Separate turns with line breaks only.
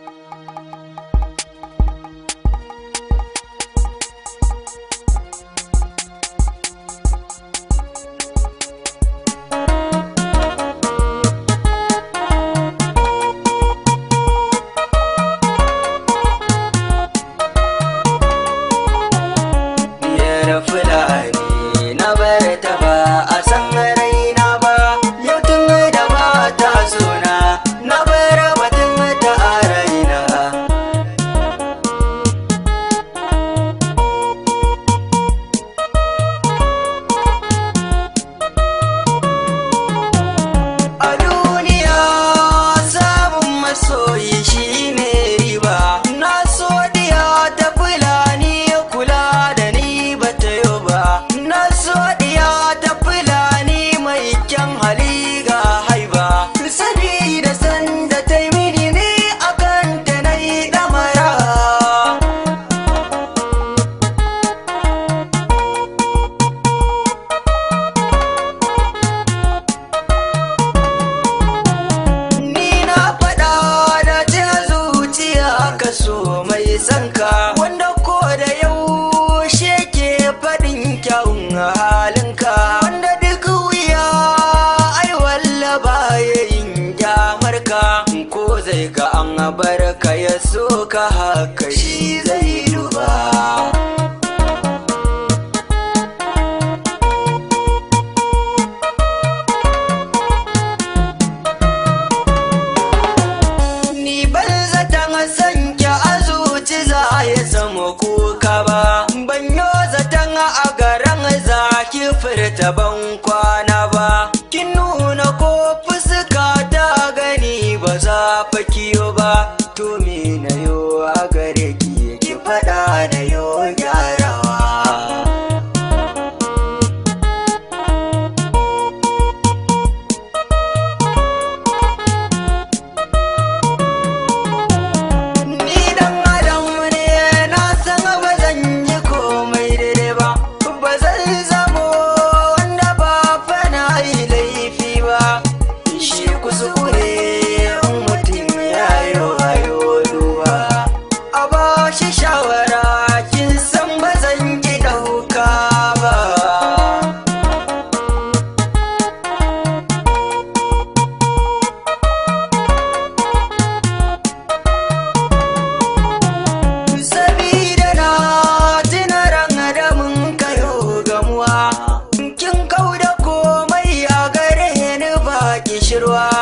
you sai ga an bar ka ya so ka haka shi zai duba ni ban zata san a zuci za ya zama kuka ba ban yo zaton a garan za ki furta ban kwana ba kin nuna ko fuska ta gani ba za fa shawara kin san ba zan ki dauka ba Sabida na tuna ran adamin kayo gamuwa kin kauda komai a gare ni ba ki shirwa